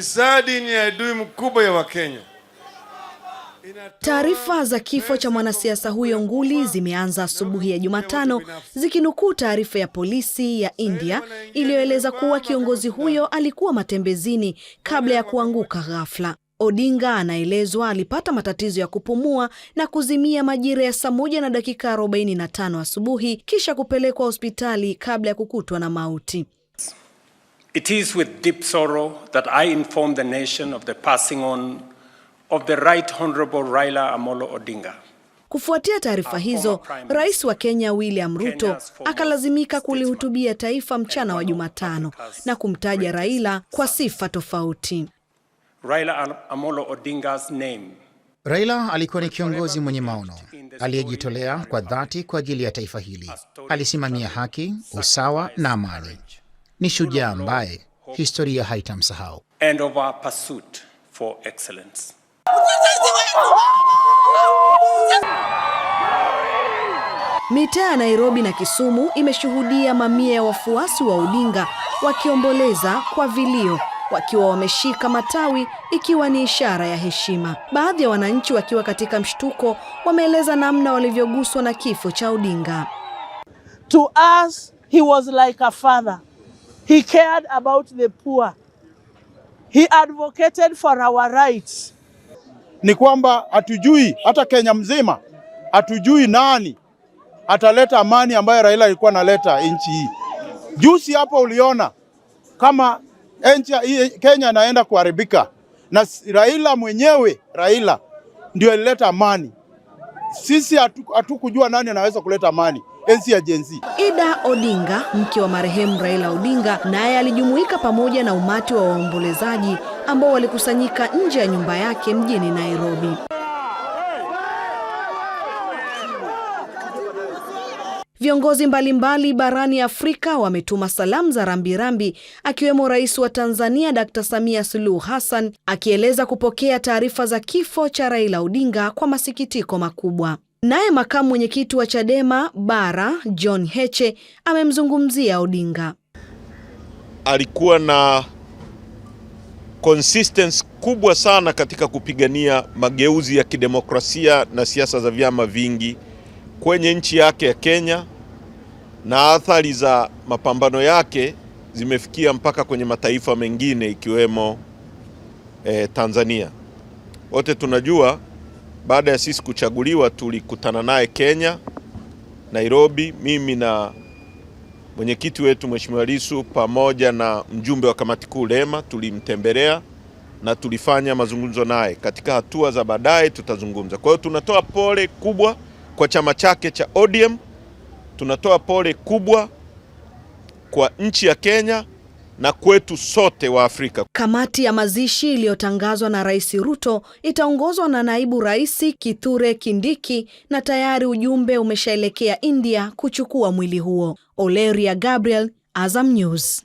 Ufisadi ni adui mkubwa ya Wakenya. Taarifa za kifo cha mwanasiasa huyo nguli zimeanza asubuhi ya Jumatano zikinukuu taarifa ya polisi ya India iliyoeleza kuwa kiongozi huyo alikuwa matembezini kabla ya kuanguka ghafla. Odinga anaelezwa alipata matatizo ya kupumua na kuzimia majira ya saa moja na dakika 45 asubuhi kisha kupelekwa hospitali kabla ya kukutwa na mauti. It is with deep sorrow that I inform the nation of the passing on of the Right Honorable Raila Amolo Odinga. Kufuatia taarifa hizo, rais wa Kenya William Ruto akalazimika kulihutubia taifa mchana wa Jumatano na kumtaja Raila kwa sifa tofauti. Raila Amolo Odinga's name. Raila alikuwa ni kiongozi mwenye maono aliyejitolea kwa dhati kwa ajili ya taifa hili. Alisimamia haki, usawa na amani ni shujaa ambaye historia haitamsahau. Mitaa ya Nairobi na Kisumu imeshuhudia mamia ya wafuasi wa Odinga wakiomboleza kwa vilio wakiwa wameshika matawi ikiwa ni ishara ya heshima. Baadhi ya wananchi wakiwa katika mshtuko wameeleza namna walivyoguswa na kifo cha Odinga. To us he was like a father. He cared about the poor. He advocated for our rights. Ni kwamba hatujui hata Kenya mzima hatujui nani ataleta amani ambayo Raila alikuwa analeta nchi hii. Juzi hapo uliona kama Kenya inaenda kuharibika na Raila mwenyewe, Raila ndio alileta amani sisi hatukujua atu nani anaweza kuleta amani enzi ya jenzi. Ida Odinga, mke wa marehemu Raila Odinga, naye alijumuika pamoja na umati wa waombolezaji ambao walikusanyika nje ya nyumba yake mjini Nairobi. Viongozi mbalimbali barani Afrika wametuma salamu za rambirambi akiwemo Rais wa Tanzania dk Samia Suluhu Hassan akieleza kupokea taarifa za kifo cha Raila Odinga kwa masikitiko makubwa. Naye makamu mwenyekiti wa Chadema Bara John Heche amemzungumzia Odinga. Alikuwa na consistency kubwa sana katika kupigania mageuzi ya kidemokrasia na siasa za vyama vingi kwenye nchi yake ya Kenya na athari za mapambano yake zimefikia mpaka kwenye mataifa mengine ikiwemo eh, Tanzania. Wote tunajua baada ya sisi kuchaguliwa tulikutana naye Kenya Nairobi, mimi na mwenyekiti wetu Mheshimiwa Lissu pamoja na mjumbe wa kamati kuu Lema tulimtembelea na tulifanya mazungumzo naye. Katika hatua za baadaye tutazungumza. Kwa hiyo tunatoa pole kubwa kwa chama chake cha ODM. Tunatoa pole kubwa kwa nchi ya Kenya na kwetu sote wa Afrika. Kamati ya mazishi iliyotangazwa na Rais Ruto itaongozwa na naibu rais Kithure Kindiki na tayari ujumbe umeshaelekea India kuchukua mwili huo. Oleria Gabriel, Azam News.